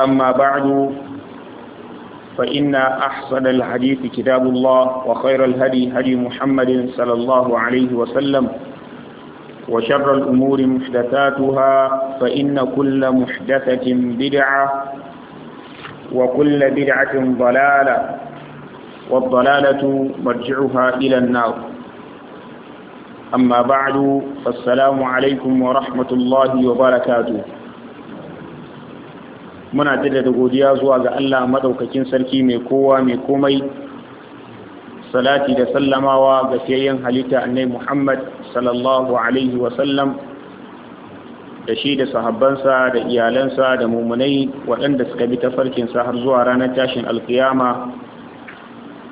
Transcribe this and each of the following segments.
أما بعد فإن أحسن الحديث كتاب الله وخير الهدي هدي محمد صلى الله عليه وسلم وشر الأمور محدثاتها فإن كل محدثة بدعة وكل بدعة ضلالة والضلالة مرجعها إلى النار أما بعد فالسلام عليكم ورحمة الله وبركاته muna da godiya zuwa ga Allah maɗaukakin sarki mai kowa mai komai salati da sallamawa ga fiyayyen halitta annai Muhammad sallallahu alaihi wa da shi da sahabbansa da iyalansa da mummunai, waɗanda suka bi ta tafarkinsa har zuwa ranar tashin alkiyama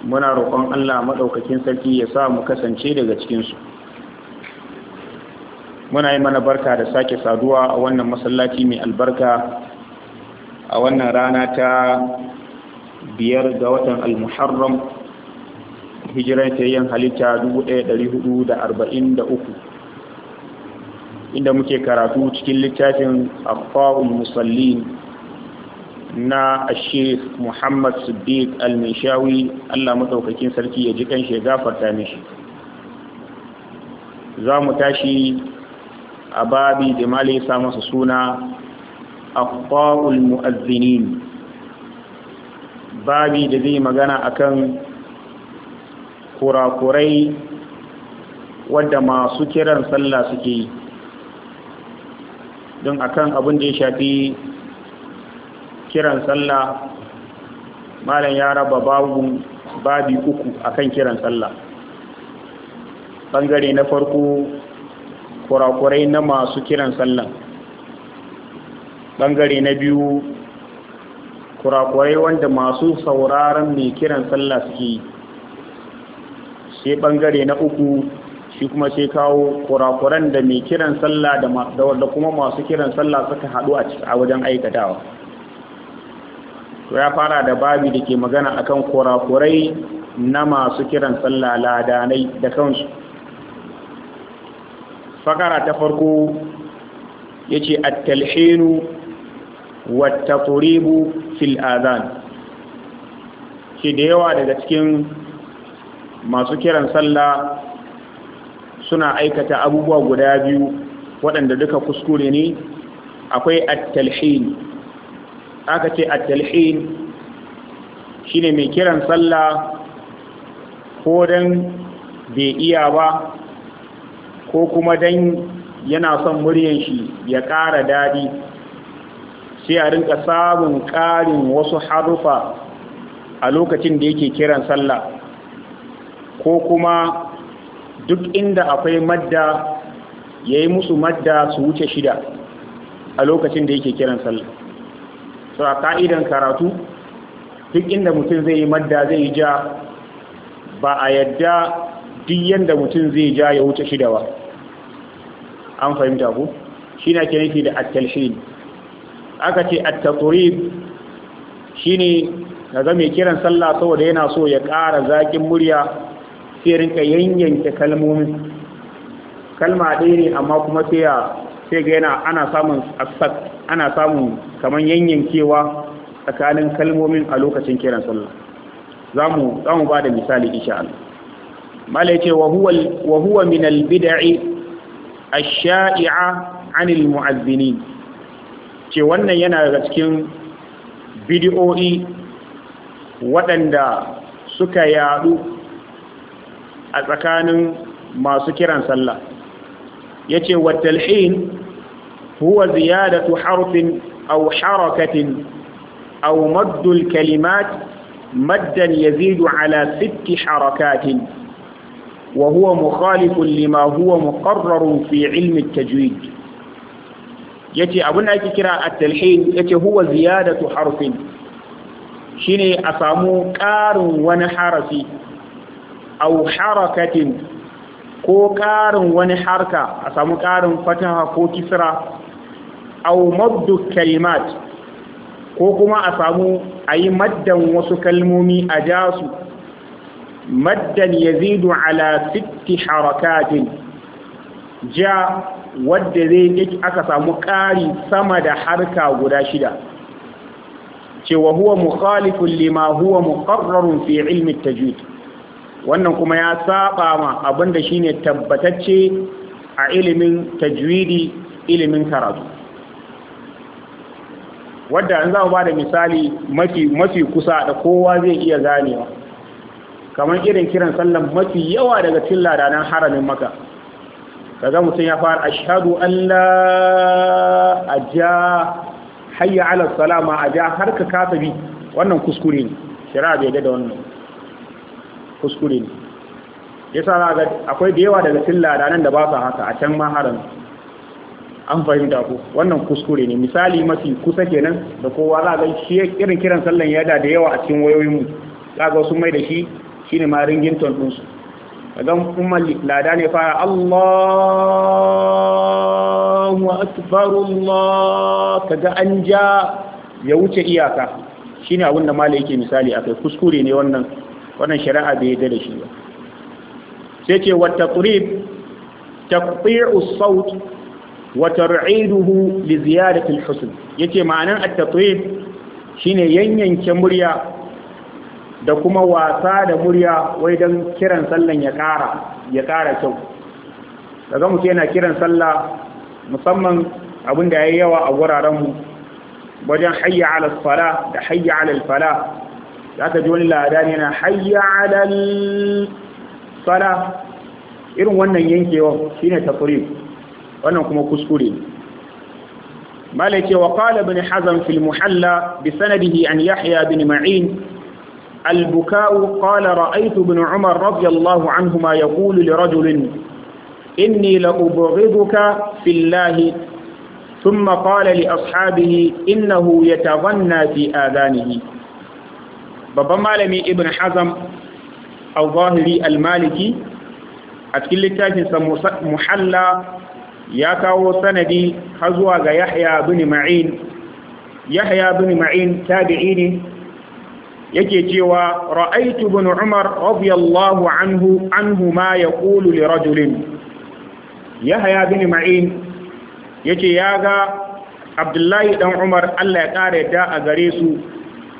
muna roƙon Allah maɗaukakin sarki ya sa mu kasance daga cikinsu muna yi mana barka da sake saduwa a wannan masallaci mai albarka a wannan rana ta biyar ga watan al-muharram hijiran tayyan halitta 1443 inda muke karatu cikin littafin akhfaul musalli na ashir muhammad siddiq al-mishawi allah matsaukakin sarki ya ji kan shi gafarta mishi za mu tashi a babi da male ya sa masa suna akhta'ul mu'azzinin babi da zai magana akan kurakurai wadda masu kiran sallah suke yi don akan abin da ya shafi kiran sallah malam ya raba babu babi uku akan kiran sallah bangare na farko kurakurai na masu kiran sallah bangare na biyu kurakurai wanda masu sauraron mai kiran sallah suke sai bangare na uku shi kuma sai kawo kurakuran da mai kiran sallah da kuma masu kiran sallah suka haɗu a wajen aikatawa ya fara da babi da ke magana akan kurakurai na masu kiran sallah ladanai da kansu fakara ta farko ya ce a talhinu ƙuribu fil adan shi da yawa daga cikin masu kiran sallah suna aikata abubuwa guda biyu waɗanda duka kuskure ne akwai at aka ce at shi ne mai kiran sallah ko dan bai iya ba ko kuma dan yana son muryan shi ya ƙara daɗi sai a rinka samun ƙarin wasu harufa a lokacin da yake kiran sallah ko kuma duk inda akwai madda ya yi musu madda su wuce shida a lokacin da yake kiran sallah su a ka'idan karatu duk inda mutum zai yi madda zai yi ja ba a yadda duk yadda mutum zai ja ya wuce shida ba an fahimta ku shi na ke nufi da at aka ce at shi shine ga mai kiran sallah saboda yana so ya ƙara zaƙin murya sai rinka yanyanke kalmomin kalma ɗaya ne amma kuma sai ya sai ga yana ana samun asfak ana samun kaman yanyankewa tsakanin kalmomin a lokacin kiran sallah Za mu ba da misali insha mala ya wa huwa wa huwa min al a shaia 'anil mu'azzini ce wannan yana daga cikin bidiyo'i waɗanda suka yadu a tsakanin masu kiran sallah ya ce watalhin huwa ziyadatu harfin aw harakatin aw maddul kalimat maddan yazidu ala sitti harakatin wa huwa mukhalifun lima huwa muqarrarun fi ilmi tajwid yace abin da ake kira at-talhin ce huwa ziyadatu harfin shine a samu ƙarin wani harafi aw harakatin ko ƙarin wani harka a samu ƙarin fataha ko kisra Au maddu kalimat ko kuma a samu ayi maddan wasu kalmomi a jasu maddan yazidu ala sitti harakatin ja wadda zai aka samu ƙari sama da harka guda shida cewa huwa mukhalifun lima huwa muqarrarun fi ilmi tajwid wannan kuma ya saba ma abinda shine tabbatacce a ilimin tajwidi ilimin karatu wadda an zama ba da misali mafi kusa da kowa zai iya ganewa kamar irin kiran sallan mafi yawa daga cikin ladanan haramin maka kaga mutum ya fara ashhadu an la ja hayya ala salama ja har ka kasa bi wannan kuskure ne shari'a bai da wannan kuskure ne sa za ga akwai da yawa daga cikin ladanan da ba su haka a can maharan an fahimta ku wannan kuskure ne misali mafi kusa kenan da kowa za ga shi irin kiran sallan yada da yawa a cikin wayoyin mu za ga sun mai da shi shine ma ringin ɗinsu idan kuma lada ne fara Allahu akbar Allah kaga an ja ya wuce iyaka shine abin da malai yake misali akai kuskure ne wannan wannan shari'a bai yarda da shi ba sai ce wa taqrib taqti'u as-saut wa tar'iduhu li ziyadati al-husn yace ma'anan at-taqrib shine yanyanke murya da kuma wasa da murya wai don kiran sallan ya ƙara ya ƙara kyau daga muke yana kiran sallah musamman abin da ya yi yawa a wurarenmu wajen hayya fala da hayya fala za ka ji wani ladani yana hayya ala fala irin wannan yankewa shine tafuri wannan kuma kuskure malaka wa qala hazan filmuhalla, fil muhalla bi sanadihi an yahya bin ma'in البكاء قال رأيت ابن عمر رضي الله عنهما يقول لرجل إني لأبغضك في الله ثم قال لأصحابه إنه يتغنى في آذانه babban malami ibn hazam al-zahiri al-maliki a cikin littafinsa muhalla ya kawo sanadi har zuwa ga yahya bin yahya bin ma'in tabi'i ne yake cewa ra'aitu ibn Umar radiyallahu anhu anhu ma yaqulu li rajulin Yahya bin Ma'in yace yaga Abdullahi dan Umar Allah ya kare da a gare su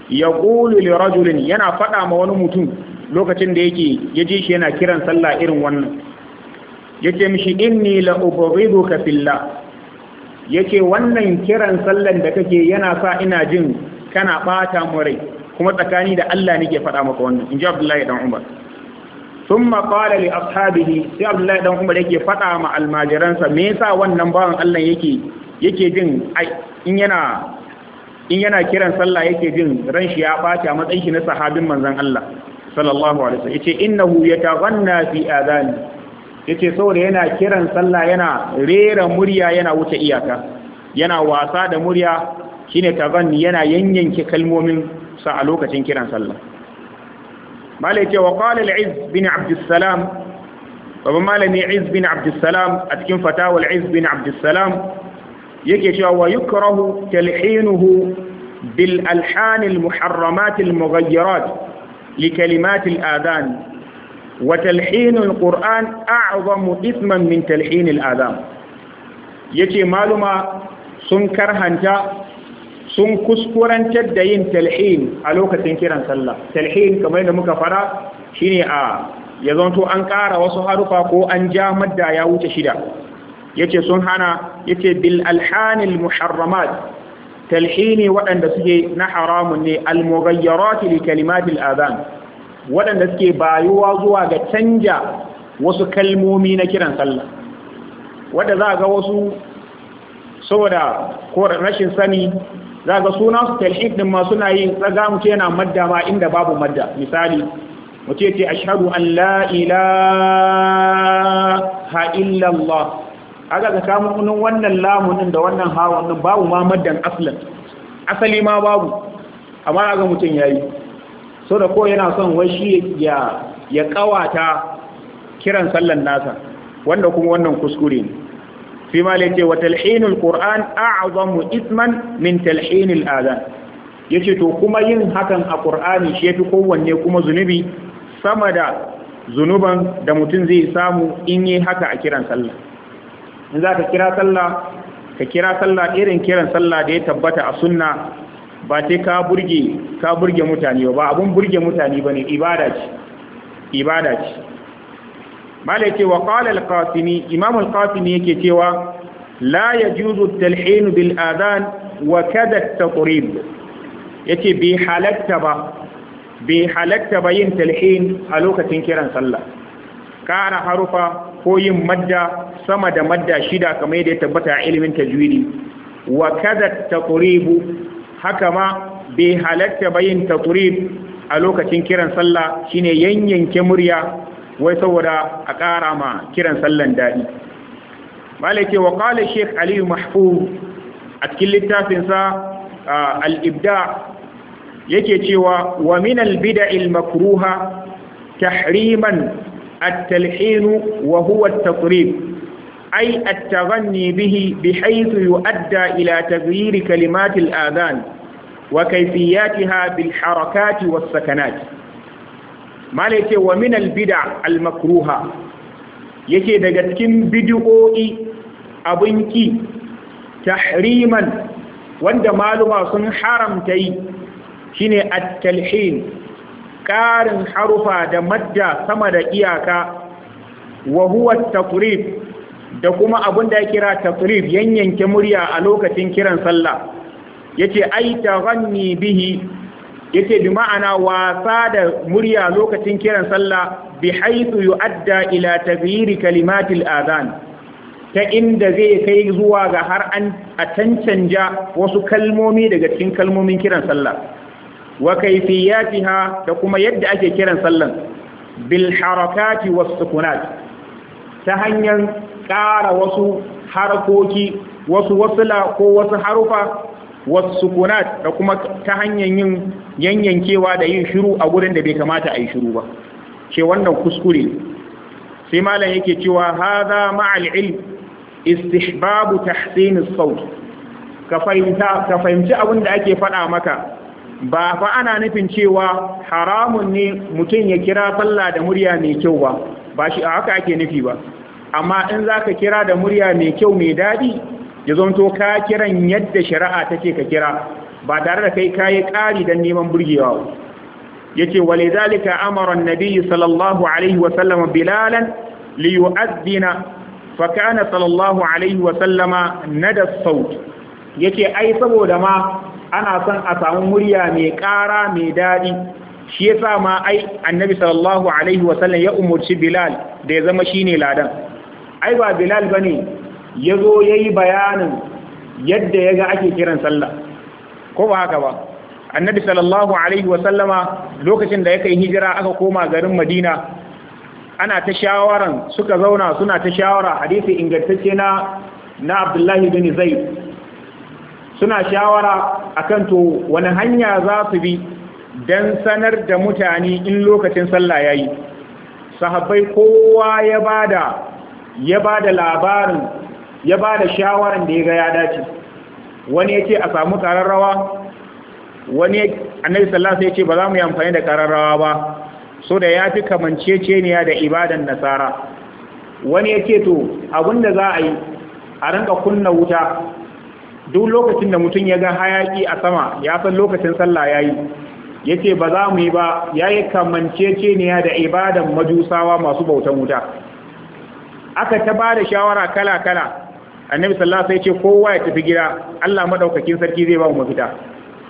yaqulu li rajulin yana fada ma wani mutum lokacin da yake yaje shi yana kiran sallah irin wannan yace mishi inni la ubghiduka fillah yace wannan kiran sallan da kake yana sa ina jin kana bata mu rai kuma tsakani da Allah nake faɗa maka wannan in ji Abdullahi dan Umar thumma qala li ashabihi sai Abdullahi dan Umar yake faɗa ma almajiransa me yasa wannan bawan Allah yake yake jin ai in yana in yana kiran sallah yake jin ran shi ya bata matsayin shi na sahabin manzon Allah sallallahu alaihi wasallam yace innahu yataghanna fi adani yace saboda yana kiran sallah yana rera murya yana wuce iyaka yana wasa da murya shine tabanni yana yanyanke kalmomin سألوك العز بن عبد السلام طب ما لم بن عبد السلام أتكن فتاوى العز بن عبد السلام ويكره تلحينه بالألحان المحرمات المغيرات لكلمات الآذان وتلحين القرآن أعظم إثما من تلحين الآذان يكي مالما سنكرهن جاء sun kuskurantar da yin talhin a lokacin kiran sallah talhin kamar yadda muka fara shine a ya zanto an ƙara wasu harufa ko an ja madda ya wuce shida yace sun hana yace bil alhanil muharramat talhini waɗanda suke na haramun ne almughayyarat li kalimatil adhan waɗanda suke bayuwa zuwa ga canja wasu kalmomi na kiran sallah wanda za ga wasu saboda ko rashin sani za ga suna su talhid din ma suna yin tsaga ce yana madda ma inda babu madda misali mu ce ce ashhadu an la ilaha illa Allah aga samu nun wannan lamun din da wannan hawun din babu ma maddan aslan asali ma babu amma aga mutun yayi so da ko yana son wai shi ya ya kawata kiran sallan nasa wanda kuma wannan kuskure ne fi ma lace wa talhinul qur'an a'zamu isman min talhinil adhan yace to kuma yin hakan a qur'ani shi yafi kowanne kuma zunubi sama da zunuban da mutum zai samu in yi haka a kiran sallah in za ka kira sallah ka kira irin kiran sallah da ya tabbata a sunna ba sai ka burge mutane ba abun burge mutane ba ne, ibada ce malai ce wa qala al-qasimi imam al-qasimi yake cewa la yajuzu at-talhin bil adhan wa kada at-taqrib yace bi halatta ba bi halatta ba yin talhin a lokacin kiran sallah kara harufa ko yin madda sama da madda shida kamar yadda ya tabbata a ilimin tajwidi wa kada taqribu haka ma bai halatta yin taqrib a lokacin kiran sallah shine yanyanke murya wai saboda a ƙara ma kiran sallan daɗi malaki wa ƙala sheik aliyu mahfuz a cikin littafinsa al'ibda yake cewa wa min albida ilmakruha tahriman at-talhinu wa huwa at-taqrib ay at bihi bi bihaythu yu'adda ila taghyir kalimatil adhan wa kayfiyatiha bil harakati was sakanat mala yake wa min albida almakruha yake daga cikin bid'o'i Abun ki tahriman wanda maluma sun haramta yi shine at-talhin karin harufa da madda sama da iyaka wa huwa taqrib da kuma abin da ya kira taqrib yanyanke murya a lokacin kiran sallah yace ai taghanni bihi yace bi ma'ana wasa da murya lokacin kiran sallah bi haythu yu'adda ila taghyir kalimatil adhan ta inda zai kai zuwa ga har an a cancanja wasu kalmomi daga cikin kalmomin kiran sallah wa kayfiyatiha da kuma yadda ake kiran sallan bil harakati was sukunat ta hanyar ƙara wasu harkoki wasu wasula ko wasu harufa sukunat da kuma ta hanyar yin yanyankewa da yin shiru a gurin da bai kamata a yi shiru ba ce wannan kuskure sai malam yake cewa hadha ma'al ilm istihbabu tahsin as-saut ka fahimta ka fahimci abin da ake faɗa maka ba fa ana nufin cewa haramun ne mutum ya kira falla da murya mai kyau ba ba shi a haka ake nufi ba amma in zaka kira da murya mai kyau mai daɗi ya zonto ka kiran yadda shari'a ta ka kira ba tare da kai kayi ƙari don neman burgewa yace ce wale zalika amuran nabi sallallahu alaihi wasallama bilalan liyu azdina fakana sallallahu alaihi wasallama na da saut ya ai saboda ma ana son a samu murya mai ƙara mai daɗi shi ya sa ma ai annabi sallallahu alaihi sallam ya umarci bilal da ya zama shine ladan ai ba bilal ba ne ya zo ya yi bayanin yadda ya ga ake kiran sallah ko ba haka ba annabi sallallahu alaihi sallama, lokacin da ya kai hijira aka koma garin madina ana ta shawaran suka zauna suna ta shawara hadisi ingantacce na na abdullahi bin zaid suna shawara akan to wani hanya za su bi don sanar da mutane in lokacin sallah yayi sahabbai kowa ya bada ya bada labarin ya ba da shawaran da ya ga ya dace wani ya ce a samu ƙararrawa? wani annabi sallallahu alaihi ya ce ba za mu yi amfani da kararrawa ba so da ya fi kamanceceniya da ibadan nasara wani ya ce to abinda za a yi a rinka kunna wuta duk lokacin da mutum ya ga hayaki a sama ya san lokacin sallah ya yi ya ce ba za mu yi ba ya yi kamanceceniya da ibadan majusawa masu bautan wuta aka ta ba da shawara kala-kala annabi sallallahu alaihi wasallam ce kowa ya tafi gida Allah madaukakin sarki zai ba mu mafita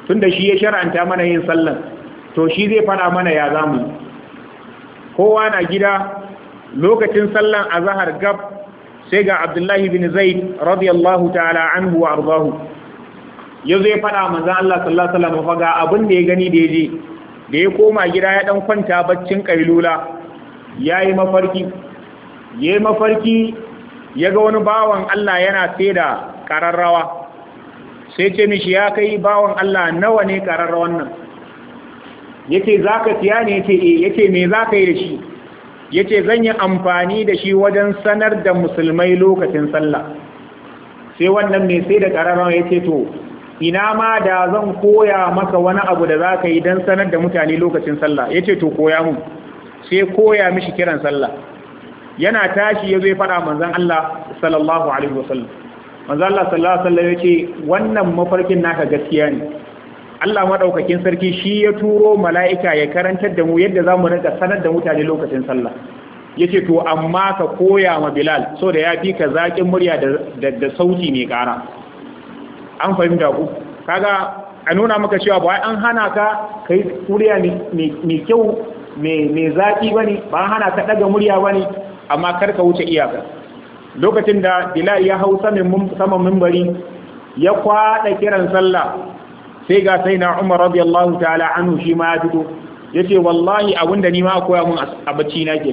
tunda shi ya shar'anta mana yin sallan to shi zai fara mana ya zamu kowa na gida lokacin sallan azhar gab sai ga Abdullahi bin Zaid radiyallahu ta'ala anhu wa ardahu ya ya fara manzo Allah sallallahu alaihi wasallam faga abin da ya gani da yaje da ya koma gida ya dan kwanta baccin kailula yayi mafarki yayi mafarki ya ga wani bawan Allah yana sai da ƙararrawa sai ce mishi ya kai bawan Allah nawa ne ƙararrawan nan yake za ka ne eh. me za ka yi da shi ce zan yi amfani da shi wajen sanar da musulmai lokacin sallah sai wannan mai sai da ƙararrawa ce to ina ma da zan koya maka wani abu da za ka yi don sanar da mutane lokacin sallah yace to koya mun sai koya mishi kiran sallah yana tashi ya zai ya faɗa manzan Allah sallallahu alaihi wasallam manzan Allah sallallahu alaihi wasallam ce, wannan mafarkin naka gaskiya ne Allah maɗaukakin sarki shi ya turo mala'ika ya karantar da mu yadda za mu rinka sanar da mutane lokacin sallah ya ce to amma ka koya ma Bilal so da ya fi ka zaƙin murya da da sauti mai ƙara an fahimta ku kaga a nuna maka cewa ba an hana ka kai murya mai kyau mai zaƙi ba ne ba an hana ka ɗaga murya ba ne amma kar ka wuce iyaka lokacin da bilal ya hau saman mimbari ya kwada kiran sallah sai ga sai na umar radiyallahu ta'ala anhu shi ma ya fito ya ce wallahi abinda ni ma a koya mun a bacci na ke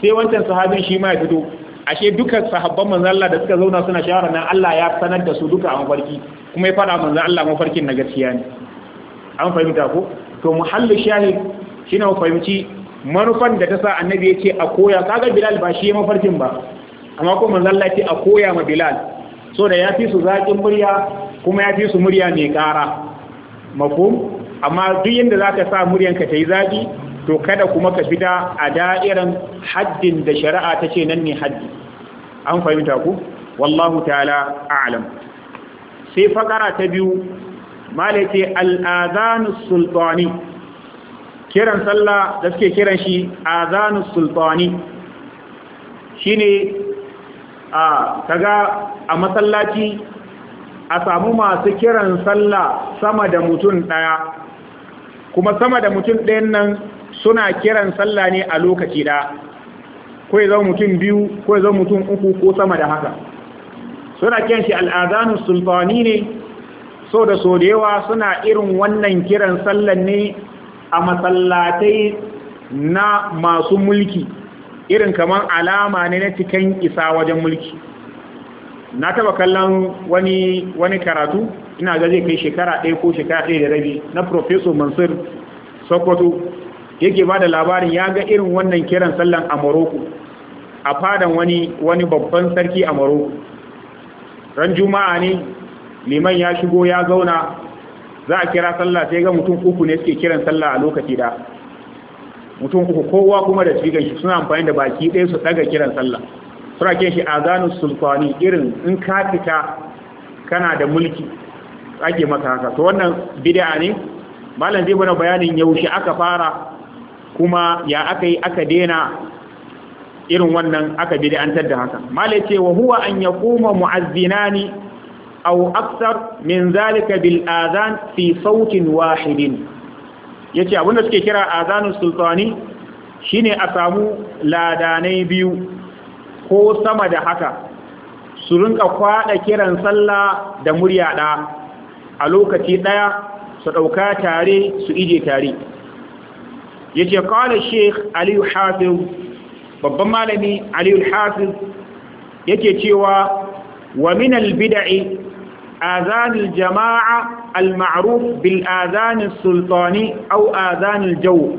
sai wancan sahabin shi ma ya fito ashe duka sahabban manzon Allah da suka zauna suna shahara nan Allah ya sanar da su duka a mafarki kuma ya faɗa manzon Allah mafarkin na gaskiya ne an fahimta ko to muhallu shahid shine mafarki manufan da ta sa annabi ya ce a koya kaga bilal ba shi mafarkin ba amma ko manzon Allah ce a koya ma bilal so da ya fi su zaƙin murya kuma ya fi su murya mai ƙara mafhum amma duk za zaka sa muryanka ta yi zaƙi to kada kuma ka fita a da'iran haddin da shari'a ta ce nan ne haddi an fahimta ku wallahu ta'ala a'lam sai fakara ta biyu malaki al-adhanu sultani kiran sallah da suke kiran shi azanu sultani shine a kaga a masallaci a samu masu kiran sallah sama da mutum daya kuma sama da mutum ɗayan nan suna kiran sallah ne a lokaci ɗaya ko ya zo mutum biyu ko ya zo mutum uku ko sama da haka suna kiran shi al'adanu sultani ne so da so da yawa suna irin wannan kiran sallan ne a masallatai na masu mulki irin kamar alama ne na cikin isa wajen mulki na taba kallon wani wani karatu ina ga zai kai shekara ɗaya ko shekara ɗaya da rabi na professor mansur sokoto yake ba da labarin ya ga irin wannan kiran sallan a morocco a fadan wani wani babban sarki a morocco ran juma'a ne liman ya shigo ya zauna za a kira sallah sai ga mutum uku ne suke kiran sallah a lokaci da mutum uku kowa kuma da cikin shi suna amfani da baki ɗaya su ɗaga kiran sallah suna kiran shi a azanu sulfani irin in ka fita kana da mulki ake maka haka to wannan bid'a ne malam zai bana bayanin yaushe aka fara kuma ya aka yi aka daina irin wannan aka bid'antar da haka malai ce wa huwa an yaquma mu'azzinani Au aksar min zalika bil azan fi sautin wahidin yace abinda suke kira azanus sultani shine a samu ladanai biyu ko sama da haka su rinka kwaɗa kiran sallah da murya ɗaya a lokaci ɗaya su ɗauka tare su ije tare ya ce kawalar sheikh aliyu hafiz babban malami aliyu hafiz yake cewa wa min albida'i آذان الجماعة bil بالآذان sultani au آذان الجو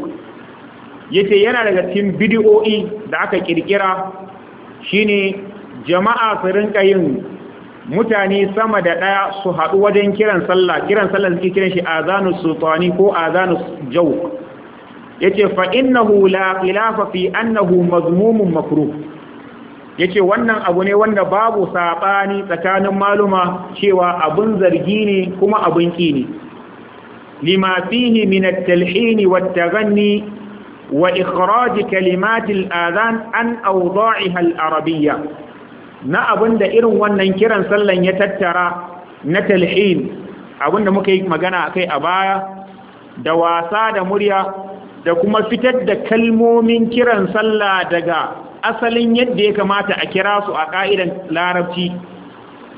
yace yana daga cikin bidiyo'i da aka kirkira shine jama'a su rinka yin mutane sama da daya su haɗu wajen kiran sallah kiran sallah suke kiran shi azanu sultani ko azanu jawq yace fa innahu la khilafa fi annahu mazmumin makruh ce wannan abu ne wanda babu saɓani tsakanin maluma cewa abun zargi ne kuma abun kini lima fihi min at-talhin wa at-taghanni wa ikhraj kalimat al an awda'iha al'arabiya. arabiyya na abunda irin wannan kiran sallan ya tattara na talhin abunda muka yi magana akai a baya da wasa da murya da kuma fitar da kalmomin kiran sallah daga asalin yadda ya kamata a kira su a ƙa'idan larabci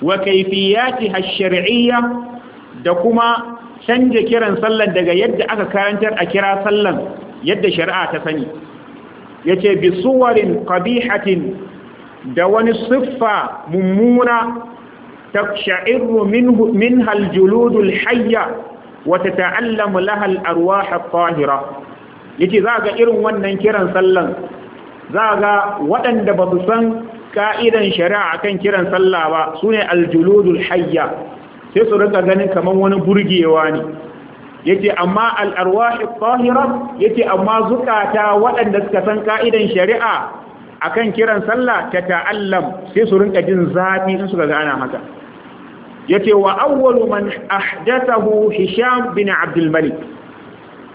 wa kaifiyati hashar'iyya da kuma canje kiran sallan daga yadda aka karantar a kira sallan yadda shari'a ta sani yace bi suwarin qabihatin da wani siffa mummuna taqsha'iru minhu minha al-juludul hayya wa tata'allamu laha al-arwah yace za ga irin wannan kiran sallan za ga waɗanda ba su san ka'idan shari'a akan kiran sallah ba sune aljuludul hayya sai su rika ganin kamar wani burgewa ne yace amma al-arwahi tahira yace amma zukata waɗanda suka san ka'idan shari'a akan kiran sallah ta ta'allam sai su rinka jin zafi in suka gana haka yace wa awwalu man ahdathahu hisham bin abdul malik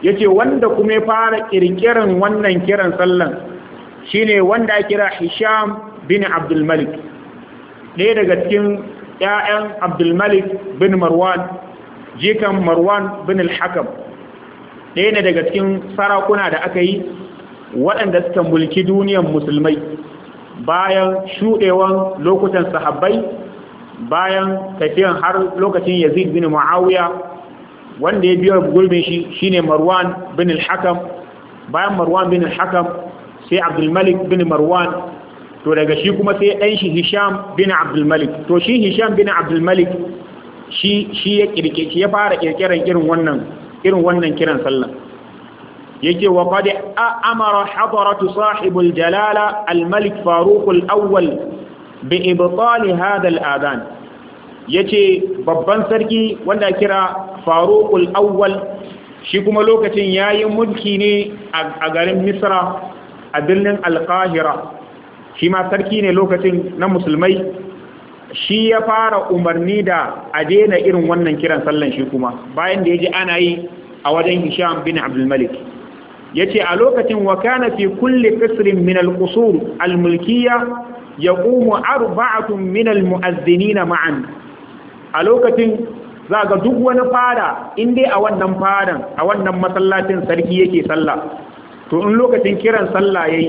yace wanda kuma ya fara kirkirin wannan kiran sallan shine wanda kira Hisham bin Abdulmalik ɗaya daga cikin ƴaƴan Abdulmalik bin Marwan jikan Marwan bin al ɗaya ne daga cikin sarakuna da aka yi waɗanda suka mulki duniyar musulmai bayan shuɗewan lokutan sahabbai bayan tafiyan har lokacin Yazid bin Muawiya wanda ya biyo gurbin shi shine marwan bin al-hakam bayan marwan bin al-hakam sai abdulmalik bin marwan to daga shi kuma sai ɗan shi hisham bin abdulmalik to shi hisham bin abdulmalik shi shi ya kirke shi ya fara kirkiran irin wannan irin wannan kiran sallah yake wa qad amara hadaratu sahibul jalala al-malik faruq al-awwal bi ibtal hadha al-adhan ya ce babban sarki wanda kira faruƙul awwal shi kuma lokacin ya yi mulki ne a garin misra a birnin alƙahira shi ma sarki ne lokacin na musulmai shi ya fara umarni da a daina irin wannan kiran sallan shi kuma bayan da ya ji ana yi a wajen hisham bin abdulmalik ya ce a lokacin wa kana fi kulle fisirin minal al almulkiya ya ƙuma arba'atun minal mu'azzini na ma'an a lokacin za ga duk wani fada in dai a wannan fadan a wannan masallacin sarki yake sallah to in lokacin kiran sallah yayi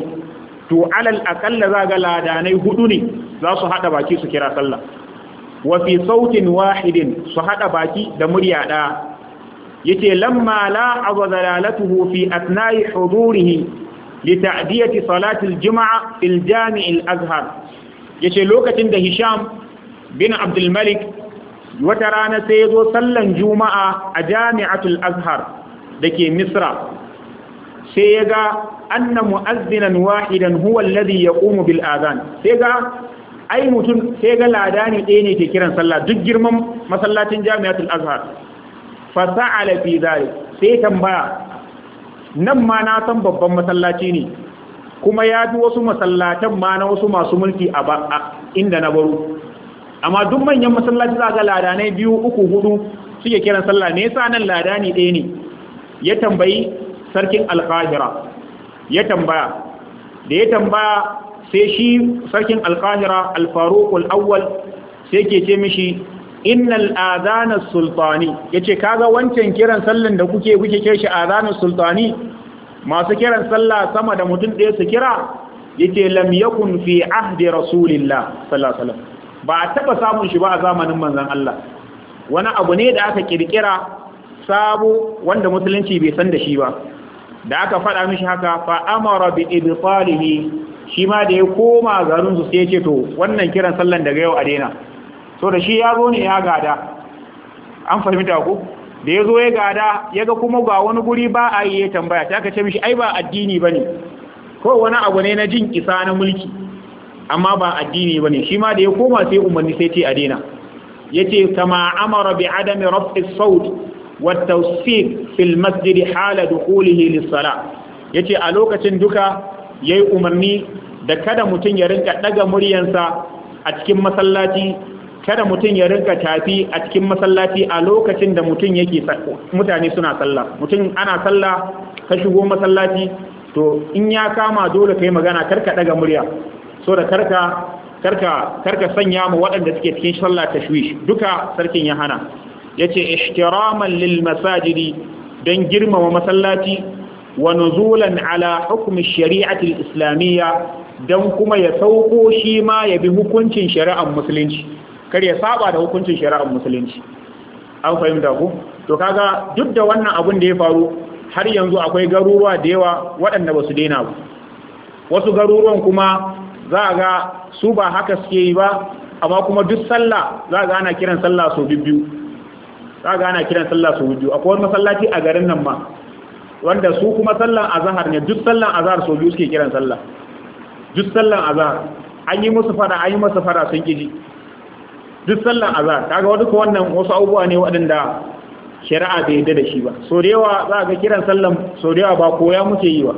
to alal akalla za ga ladanai hudu ne za su hada baki su kira sallah wa fi sautin wahidin su hada baki da murya daya yace lamma la azzalalatuhu fi atna'i hudurihi li ta'diyati salati al fil jami' al-azhar yace lokacin da hisham bin abdul malik wata rana sai ya zo sallan juma'a a jami'atul azhar da ke misra sai ya ga anna mu'azzinan wahidan huwa alladhi yaqumu bil adhan sai ga ai mutum sai ga ladani ɗaya ne ke kiran sallah duk girman masallacin jami'atul azhar fa sa'ala fi dhalik sai tambaya nan ma na san babban masallaci ne kuma ya fi wasu masallatan ma na wasu masu mulki a inda na baro amma duk manyan masallaci za ga ladanai biyu uku hudu suke kiran sallah me yasa nan ladani ɗaya ne ya tambayi sarkin alkahira ya tambaya da ya tambaya sai shi sarkin alkahira alfarukul awwal sai ke ce mishi innal adana sultani yace kaga wancan kiran sallan da kuke kuke kira shi adana sultani masu kiran sallah sama da mutum ɗaya su kira yace lam yakun fi ahdi rasulillah sallallahu alaihi wasallam ba a taba samun shi ba a zamanin manzon Allah wani abu ne da aka kirkira sabo wanda musulunci bai san da shi ba da aka faɗa mishi haka fa amara bi ibtalihi shi ma da ya koma garin su sai ya ce to wannan kiran sallan daga yau a daina so da shi ya zo ne ya gada an fahimta ku da ya zo ya gada ya ga kuma ga wani guri ba a yi tambaya ta aka ce mishi ai ba addini ba ne ko wani abu ne na jin isa na mulki amma ba addini bane shi ma da ya koma sai umarni sai ce a daina yace kama amara bi adami raf'i sawt wa tawsif fil masjid hala dukhulihi lis sala yace a lokacin duka yayi umarni da kada mutun ya rinka daga muryansa a cikin masallaci kada mutum ya rinka tafi a cikin masallaci a lokacin da mutum yake mutane suna sallah mutum ana sallah ka shigo masallaci to in ya kama dole kai magana karka daga murya so da karka karka karka sanya mu waɗanda suke cikin sallah tashwish duka sarkin ya hana yace ihtiraman lil masajidi dan girmama masallaci wa nuzulan ala hukmi shari'ati islamiyya dan kuma ya sauko shi ma ya bi hukuncin shari'ar musulunci kar ya saba da hukuncin shari'ar musulunci an fahimta ku to kaga duk da wannan abun da ya faru har yanzu akwai garuruwa da yawa waɗanda ba su daina ba wasu garuruwan kuma za a ga su ba haka suke yi ba amma kuma duk sallah za a ga ana kiran sallah sau biyu za a ga ana kiran sallah sau biyu akwai wani masallaci a garin nan ma wanda su kuma sallan azahar ne duk sallan azahar sau biyu suke kiran sallah duk sallan azahar an yi musu fara an yi musu fara sun kiji duk sallan azahar kaga wani ko wannan wasu abubuwa ne waɗanda shari'a bai yadda da shi ba sau da yawa za a ga kiran sallan sau da yawa ba koya muke yi ba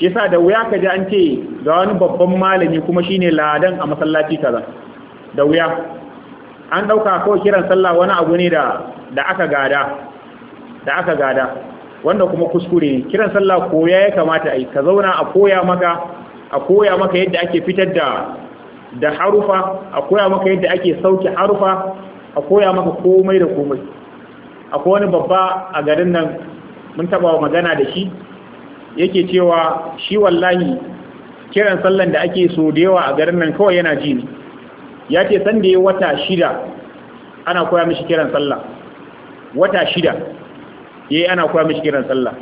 yasa da wuya ka ji an ce ga wani babban malami kuma shine ladan a masallaci kaza da wuya an dauka ko kiran sallah wani abu ne da da aka gada da aka gada wanda kuma kuskure ne kiran sallah koya ya kamata ai ka zauna a koya maka a koya maka yadda ake fitar da da harufa a koya maka yadda ake sauke harufa a koya maka komai da komai akwai wani babba a garin nan mun taba magana da shi yake cewa shi wallahi kiran sallan da ake so da yawa a garin nan kawai yana ji ne ya ce san da ya wata shida ana koya mishi kiran sallah wata shida yayi eh, ana koya mishi kiran sallah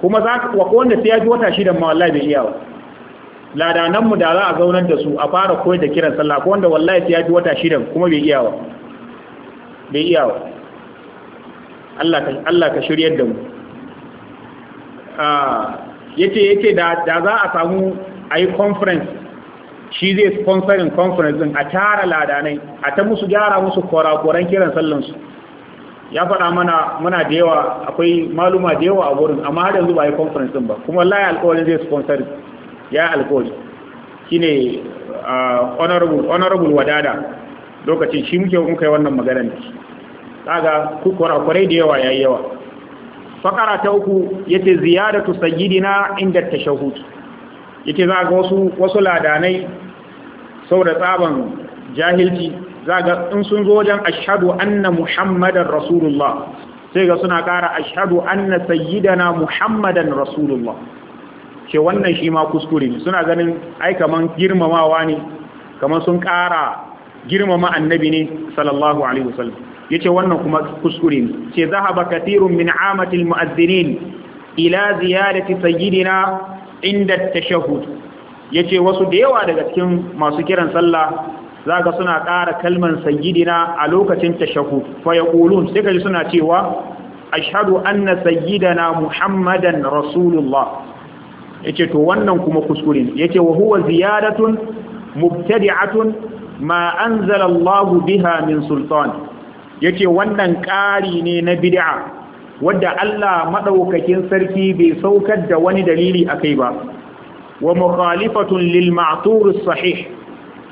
kuma za ka wanda sai ya ji wata shidan ma wallahi bai iya ba ladanan mu da za a zaunar da su a fara koyar da kiran sallah ko wanda wallahi sai ya ji wata shidan kuma bai iya ba bai iya ba Allah ka Allah ka shiryar da mu yace yace da da za a samu a yi conference shi zai sponsorin conference a tara ladanai a ta musu gyara musu korakoran kiran sallansu ya faɗa mana muna da yawa akwai maluma da yawa a wurin amma har yanzu ba yi conference din ba kuma wallahi alkawarin zai sponsor ya alƙawari shine ne honorable wadada lokacin shi muke kai wannan wannan magana ne kaga kwarakwarai da yawa ya yi yawa fakara ta uku yace ziyadatu sayyidina inda tashahud yace za ga wasu wasu ladanai saboda tsaban jahilci za ga in sun zo wajen ashhadu anna muhammadan rasulullah sai ga suna kara ashhadu anna sayyidana muhammadan rasulullah ce wannan shi ma kuskure ne suna ganin ai kaman girmamawa ne kaman sun kara girmama annabi ne sallallahu alaihi wasallam yace wannan kuma kuskure ne ce zahaba kathirun min amati almu'adhdhirin ila ziyadati sayyidina inda tashahhud yace wasu da yawa daga cikin masu kiran sallah zaka suna ƙara kalman sayyidina a lokacin tashahhud fa yaqulun sai kaji suna cewa ashhadu anna sayyidana muhammadan rasulullah yace to wannan kuma kuskure ne yace wa huwa ziyadatun mubtadi'atun ma anzala Allahu biha min sultan yace wannan ƙari ne na bid'a wadda Allah maɗaukakin sarki bai saukar da wani dalili a kai ba wa mukhalifatun lil ma'thur sahih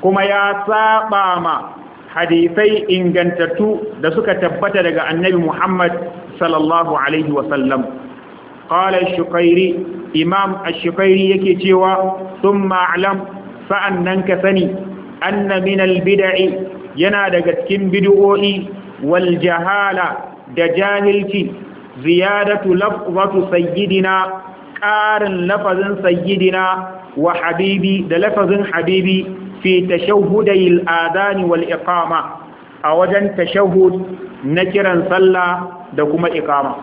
kuma ya saba ma hadisai ingantattu da suka tabbata daga annabi Muhammad sallallahu alaihi wa sallam qala imam ash yake cewa thumma a'lam sa'annan ka sani anna min al-bid'i yana daga cikin bid'o'i waljahala da jahilci ziyadatu lafzatu sayyidina ƙarin lafazin sayyidina wa habibi da lafazin habibi fi tashahhudai al'adani wal iqama a wajen tashahhud na kiran sallah da kuma iqama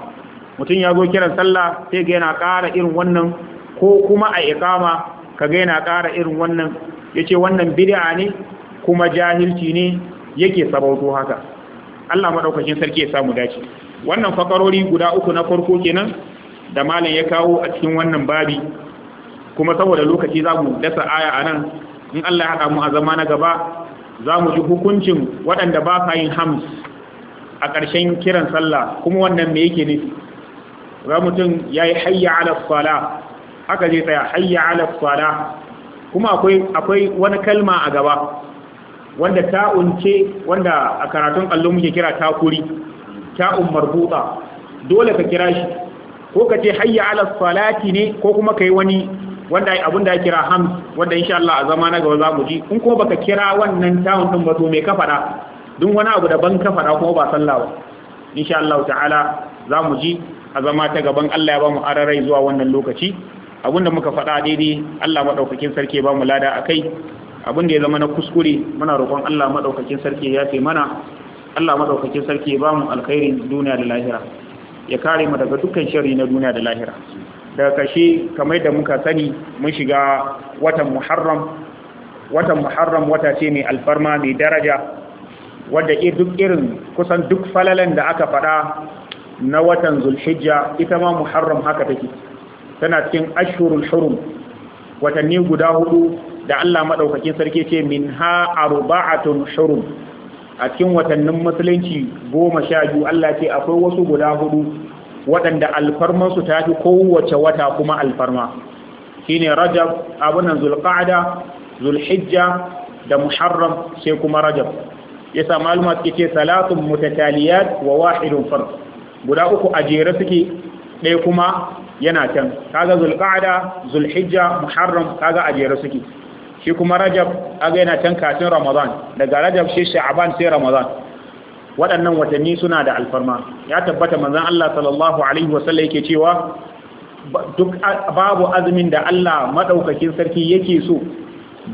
mutum ya zo kiran sallah sai ga yana ƙara irin wannan ko kuma a iqama kaga yana ƙara irin wannan yace wannan bid'a ne kuma jahilci ne yake sabauto haka Allah madaukakin sarki ya samu dace wannan fakarori guda uku na farko kenan da malam ya kawo a cikin wannan babi kuma saboda lokaci za mu dasa aya a nan in Allah ya haɗa mu a zama na gaba za mu ji hukuncin waɗanda ba sa yin hams a ƙarshen kiran sallah kuma wannan me yake nufi ga mutum ya yi hayya ala sala haka zai tsaya hayya ala sala kuma akwai wani kalma a gaba wanda ta'un ce wanda a karatun allon muke kira takuri ta'un marbuta dole ka kira shi ko ka ce hayya ala salati ne ko kuma kai wani wanda da ya kira hams wanda insha Allah a zama na gaba za mu ji in kuma baka kira wannan ta'un din ba to me ka fada duk wani abu daban ka fada kuma ba sallah ba insha Allah ta'ala za mu ji a zama ta gaban Allah ya ba mu ararai zuwa wannan lokaci abinda muka faɗa daidai Allah madaukakin sarki ba mu lada a kai abin da ya zama na kuskure muna roƙon Allah madaukakin sarki ya fi mana Allah madaukakin sarki ya bamu alkhairin duniya da lahira ya kare mu daga dukkan sharri na duniya da lahira daga kashe kamar da muka sani mun shiga watan Muharram watan Muharram wata ce mai alfarma mai daraja wadda duk irin kusan duk falalan da aka faɗa na watan Zulhijja ita ma Muharram haka take tana cikin ashhurul hurum watanni guda hudu da Allah maɗaukakin sarki ce min ha arba'atun shurum a cikin watannin musulunci goma sha biyu Allah ce akwai wasu guda hudu waɗanda alfarmansu ta fi kowace wata kuma alfarma shine rajab abunan zulqa'da zulhijja da muharram sai kuma rajab yasa maluma suke ce salatun mutataliyat wa wahidun farq guda uku a jere suke ɗaya kuma yana can kaga zulqa'da zulhijja muharram kaga a jere suke shi kuma rajab aga yana can kafin ramadan daga rajab shi sha'aban sai ramadan waɗannan watanni suna da alfarma ya tabbata manzon Allah sallallahu alaihi wasallam yake cewa duk babu azumin da Allah madaukakin sarki yake so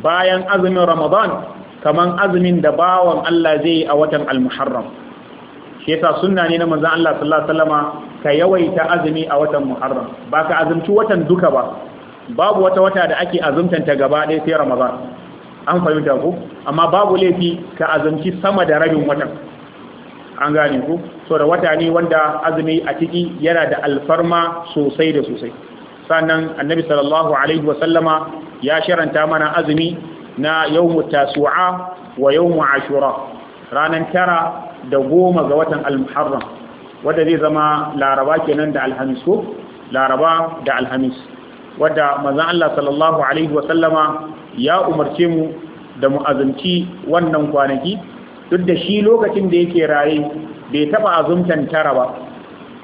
bayan azumin ramadan kaman azumin da bawan Allah zai yi a watan al-muharram shi yasa sunna ne na manzon Allah sallallahu alaihi wasallama ka yawaita azumi a watan muharram ba ka azumci watan duka ba babu wata wata da ake azumtanta gaba ɗaya sai ramadan an fahimta ku amma babu laifi ka azumci sama da rabin watan an gane ku so da wata ne wanda azumi a ciki yana da alfarma sosai da sosai sannan annabi sallallahu alaihi wa sallama ya sharanta mana azumi na yawmu tasu'a wa yawmu ashura ranan tara da goma ga watan al-muharram wanda zai zama laraba kenan da alhamis ko laraba da alhamis wadda mazan Allah sallallahu alaihi wasallama ya umarce mu da mu azumci wannan kwanaki duk da shi lokacin da yake raye bai taba azumtan tara ba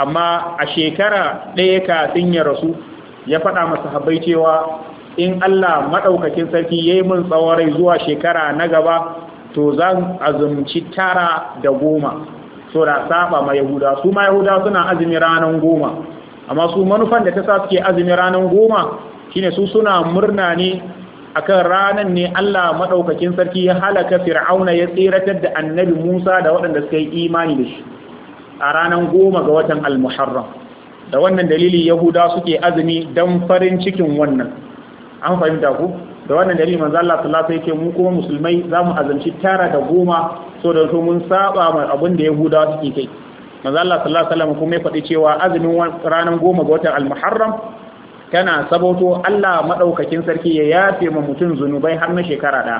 amma a shekara ɗaya kafin ya rasu ya faɗa masu habai cewa in Allah maɗaukakin sarki ya yi min tsawon zuwa shekara na gaba to zan azumci tara da goma so da saba ma yahuda su ma yahuda suna azumi ranar goma amma su manufan da ta sa suke azumi ranar goma shine su suna murna ne akan ranar ne Allah maɗaukakin sarki ya halaka fir'auna ya tseratar da annabi Musa da waɗanda suka yi imani da shi a ranar goma ga watan al-muharram da wannan dalili yahuda suke azumi don farin cikin wannan an fahimta ku da wannan dalili manzo Allah sallallahu alaihi wasallam mu kuma musulmai zamu azumci tara da goma so da mun saba mai abin da yahuda suke kai manzo Allah sallallahu alaihi wasallam kuma ya faɗi cewa azumin ranar goma ga watan al-muharram tana saboto Allah madaukakin sarki ya yafe ma mutum zunubai har na shekara da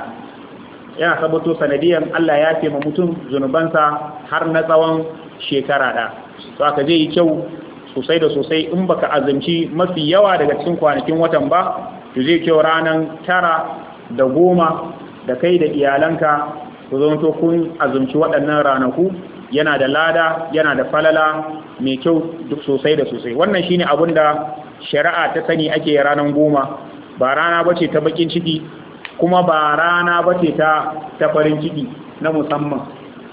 yana saboto sanadiyan Allah ya yafe ma mutum zunubansa har na tsawon shekara da to aka je yi kyau sosai da sosai in baka azumci mafi yawa daga cikin kwanakin watan ba to zai kyau ranan tara da goma da kai da iyalanka ku zo kun azumci waɗannan ranaku yana da lada yana da falala mai kyau duk sosai da sosai wannan shine abun da shari'a ta sani ake ranar goma ba rana bace ta bakin ciki kuma ba rana bace ta ta farin ciki na musamman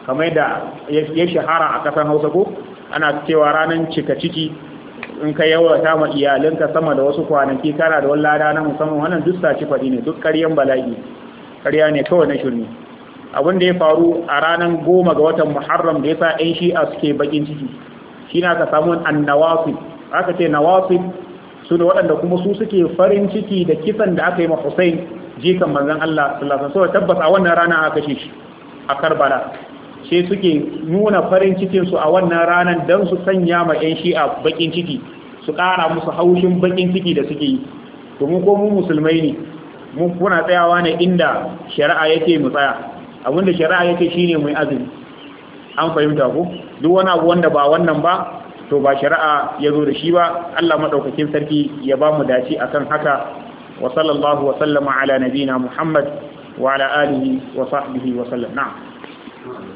kamar da ya shahara a kasan Hausa ko ana cewa ranar cika ciki in ka yawata ma iyalinka sama da wasu kwanaki kana da wani lada na musamman wannan duk saci faɗi ne duk ƙaryan bala'i ƙarya ne kawai na shirme abin da ya faru a ranar goma ga watan muharram da ya sa 'yan shi'a suke bakin ciki shi na ka samu annawasif aka ce nawafin su ne waɗanda kuma su suke farin ciki da kisan da aka yi ma Hussein jikan manzon Allah sallallahu alaihi wasallam tabbas a wannan rana aka shi a Karbala sai suke nuna farin cikinsu a wannan ranan dan su sanya ma 'yan Shi'a bakin ciki su ƙara musu haushin bakin ciki da suke yi domin ko mu musulmai ne mun kuna tsayawa ne inda shari'a yake mu tsaya abinda shari'a yake shine mai azumi an fahimta ko duk wani abu wanda ba wannan ba to ba shari'a ya zo da shi ba Allah madaukakin sarki ya ba mu dace akan haka wa sallallahu wa sallama ala nabina Muhammad wa ala alihi wa sahbihi wa sallam na'am